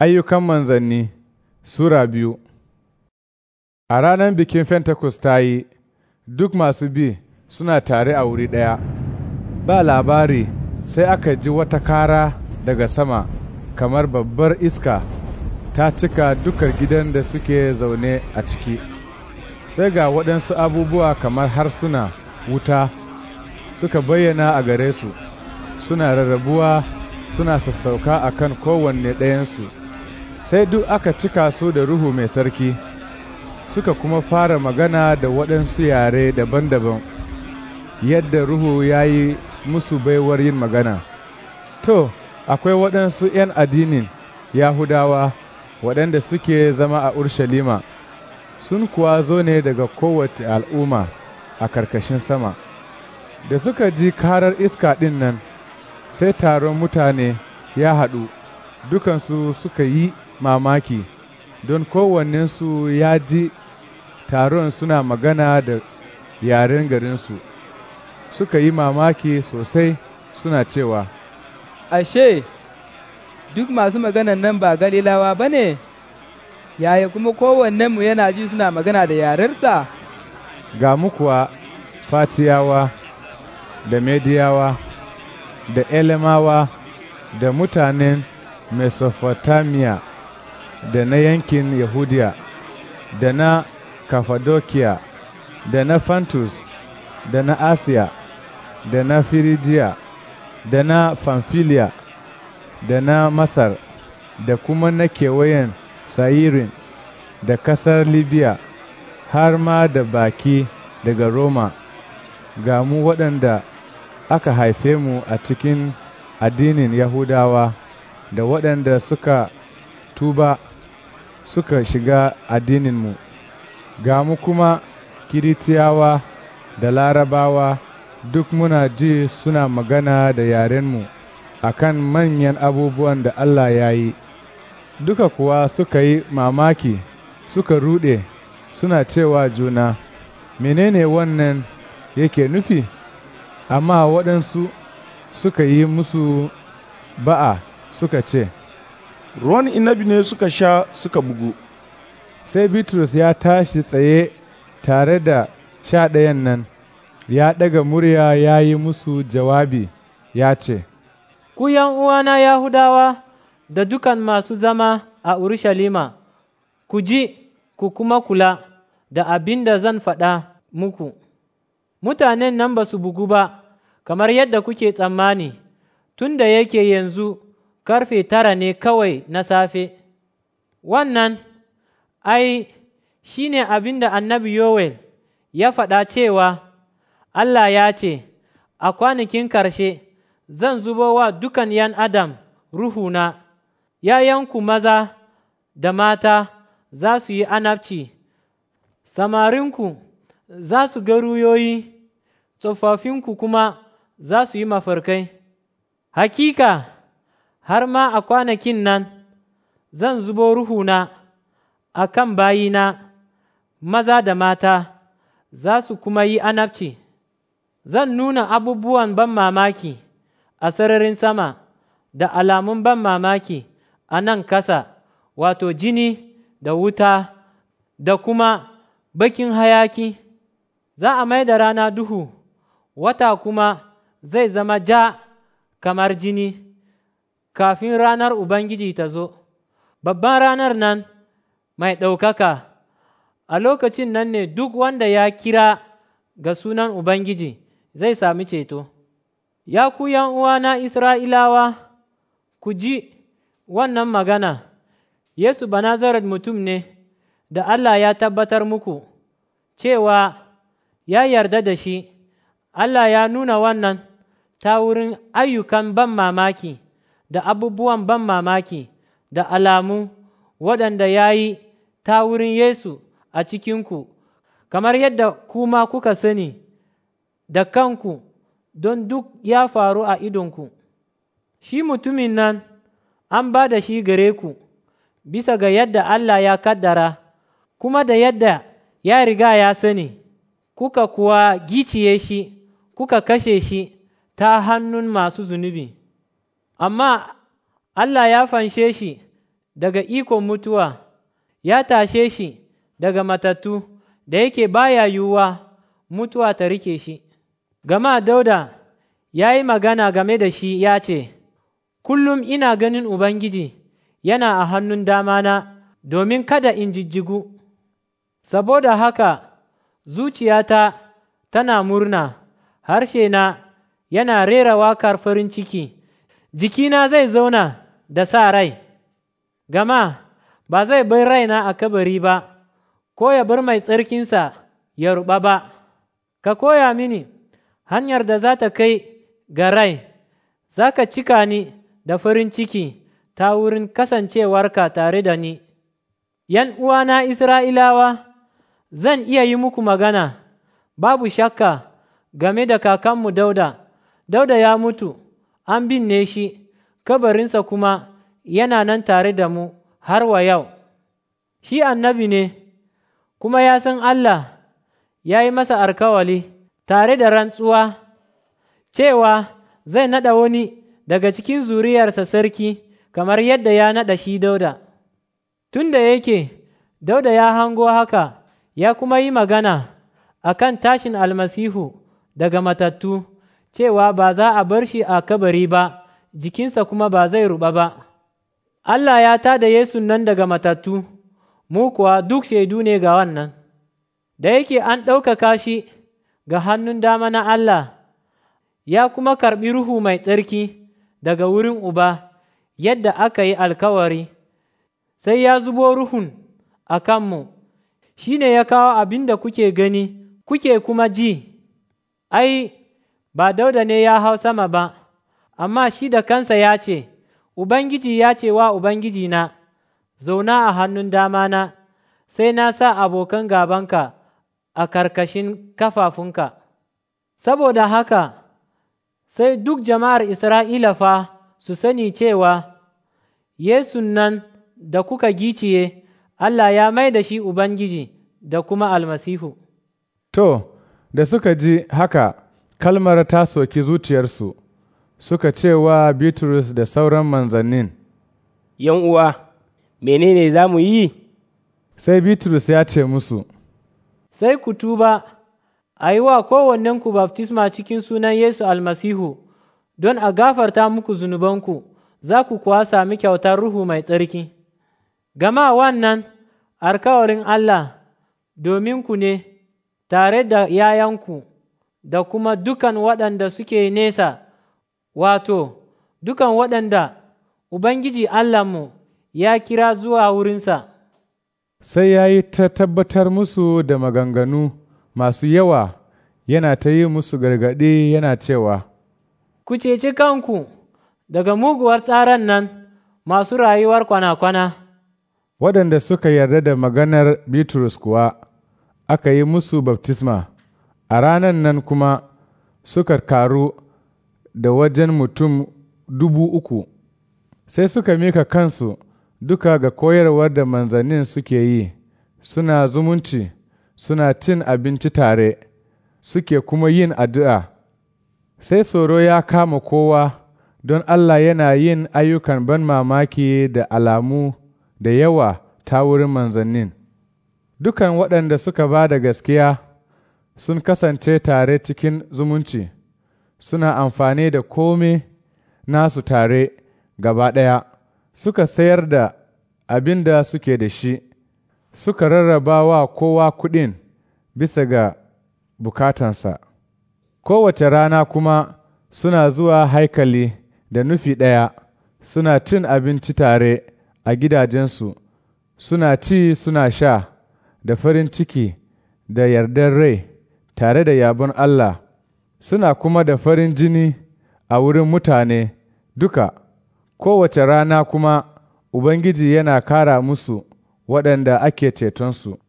Ayyukan manzanni Sura biyu A ranar bikin Fentecost ta yi, duk masu bi suna tare a wuri ɗaya. Ba labari sai aka ji wata kara daga sama kamar babbar iska ta cika dukkan gidan da suke zaune a ciki. Sai ga waɗansu abubuwa kamar harsuna wuta suka bayyana a gare su, suna rarrabuwa suna sassauka a kan kowanne ɗayansu. sai duk aka cika su da ruhu mai sarki suka kuma fara magana da waɗansu yare daban-daban yadda ruhu ya yi musu baiwar yin magana to akwai waɗansu 'yan addinin yahudawa waɗanda suke zama a urshalima sun kuwa zo ne daga kowace al'umma a karkashin sama da suka ji karar iska ɗin nan sai taron mutane ya haɗu dukansu suka yi mamaki don kowannensu ya ji taron suna magana da yaren garinsu suka yi mamaki sosai suna cewa ashe duk masu maganan nan ba galilawa ba ne yaya kuma kowannenmu yana ji suna magana da yarensa ga mukuwa fatiyawa da mediyawa da elemawa da mutanen mesopotamia da na yankin Yahudiya, da na Kafadokiya, da na Fantus, da na Asiya, da na Firijiya, da na fanfiliya da na Masar, da kuma na kewayen sairin da kasar Libya, har ma da baki daga Roma, ga mu waɗanda aka haife mu a cikin addinin Yahudawa da waɗanda suka tuba. suka shiga addininmu, ga mu kuma Kiritiyawa da Larabawa duk muna ji suna magana da yarenmu a kan manyan abubuwan da Allah ya yi, duka kuwa suka yi mamaki suka ruɗe suna cewa juna, menene wannan yake nufi? Amma waɗansu suka yi musu ba'a suka ce, ruwan inabi ne suka sha suka bugu sai bitrus ya tashi tsaye tare da sha ɗayan nan ya ɗaga murya ya yi musu jawabi ya ce ku uwana yahudawa da dukan masu zama a urushalima ku ji ku kuma kula da abin da zan faɗa muku mutanen nan ba su bugu ba kamar yadda kuke tsammani tun da yake yanzu karfe tara ne kawai na safe, wannan ai shi ne abin da annabi Yowel ya faɗa cewa Allah ya ce, A kwanakin ƙarshe zan zubo wa dukan ’yan Adam ruhuna, ’ya'yanku maza da mata za su yi anabci, samarinku za su ga tsofaffinku kuma za su yi mafarkai. Hakika, har ma a kwanakin nan zan zubo ruhuna a kan bayina maza da mata za su kuma yi anabci, zan nuna abubuwan ban mamaki a sararin sama da alamun ban mamaki a nan kasa, wato jini da wuta da kuma bakin hayaki, za a mai da rana duhu, wata kuma zai zama ja kamar jini. kafin ranar Ubangiji ta zo, babban ranar nan mai ɗaukaka, a lokacin nan ne duk wanda ya kira ga sunan Ubangiji zai sami ceto. Ya ku uwana Isra'ilawa, ku ji wannan magana, Yesu Banazaret mutum ne da Allah ya tabbatar muku cewa ya yarda da shi, Allah ya nuna wannan ta wurin ayyukan ban mamaki. da abubuwan ban mamaki da alamu waɗanda ya yi ta wurin Yesu a cikinku, kamar yadda kuma kuka sani da kanku don duk ya faru a idonku. Shi mutumin nan an ba da shi gare ku bisa ga yadda Allah ya kaddara, kuma da yadda ya riga ya sani, kuka kuwa giciye shi, kuka kashe shi ta hannun masu zunubi. amma Allah ya fanshe shi daga ikon mutuwa, ya tashe shi daga matattu, da yake baya yiwuwa mutuwa ta rike shi. Gama Dauda ya yi magana game da shi ya ce, Kullum ina ganin Ubangiji yana a hannun damana domin kada in jijjigu, saboda haka zuciyata tana murna, harshena yana rera wakar farin ciki. jikina zai zauna da sa rai, gama ba zai bar raina a kabari ba, ko ya bar mai tsarkinsa ya ruɓa ba, ka koya mini hanyar da za ta kai ga rai, za ka cika ni da farin ciki ta wurin kasancewarka tare da ni. ’Yan uwana Isra'ilawa, zan iya yi muku magana, babu shakka game da kakanmu Dauda, Dauda ya mutu. an binne shi, kabarinsa kuma yana nan tare da mu har wa yau, shi annabi ne, kuma ya san Allah ya yi masa alkawali tare da rantsuwa cewa zai naɗa wani daga cikin zuriyarsa sarki kamar yadda ya naɗa shi dauda. Tun da yake, dauda ya hango haka ya kuma yi magana a kan tashin almasihu daga matattu. cewa ba za a bar shi a kabari ba, jikinsa kuma ba zai ruɓa ba. Allah ya ta da Yesu nan daga matattu, mu kuwa duk shaidu ne ga wannan, da yake an ɗaukaka shi ga hannun dama na Allah, ya kuma karɓi Ruhu mai tsarki daga wurin Uba, yadda aka yi alkawari, sai ya zubo Ruhun a kanmu, shi ne ya kawo abin da kuke gani, kuke kuma ji, ai, ba dauda ne ya hau sama ba, amma shi da kansa ya ce, Ubangiji ya ce wa na zauna a hannun dama na sai na sa abokan gabanka a karkashin kafafunka. Saboda haka, sai duk jama'ar Isra'ila fa su sani cewa, Yesu nan da kuka giciye, Allah ya mai da shi Ubangiji da kuma almasihu. To, da suka ji haka, kalmar ta soki zuciyarsu, suka ce wa Bitrus da sauran manzannin, ‘Yan uwa, menene za mu yi?’ Sai Bitrus ya ce musu, Sai ku tuba, a yi wa kowannenku baftisma cikin sunan Yesu almasihu, don a gafarta muku zunubanku, za ku kuwa sami kyautar Ruhu mai tsarki. Gama wannan alkawarin Allah domin ku ne, tare da yayanku. da kuma dukan waɗanda suke nesa, wato, dukan waɗanda Ubangiji Allahnmu ya kira zuwa wurinsa. Sai ya yi ta tabbatar musu da maganganu masu yawa, yana ta yi musu gargaɗe yana cewa, Ku ceci kanku daga muguwar tsaran nan masu rayuwar kwana-kwana. Waɗanda suka yarda da maganar Bitrus kuwa, aka yi musu baftisma. a ranan nan kuma suka karu da wajen mutum dubu uku, sai suka mika kansu duka ga koyarwar da manzannin suke yi, suna zumunci, suna cin abinci tare, suke kuma yin addu'a. Sai tsoro ya kama kowa don Allah yana yin ayyukan ban mamaki da alamu da yawa ta wurin manzannin. Dukan waɗanda suka ba da gaskiya sun kasance tare cikin zumunci, suna amfani da kome nasu tare gaba ɗaya, suka sayar da abin da suke da shi, suka rarraba wa kowa kuɗin bisa ga bukatansa. Kowace rana kuma suna zuwa haikali da nufi ɗaya, suna cin abinci tare a gidajensu, suna ci suna sha da farin ciki da yardar rai. tare da yabon Allah, suna kuma da farin jini a wurin mutane duka, kowace rana kuma Ubangiji yana kara musu waɗanda ake cetonsu.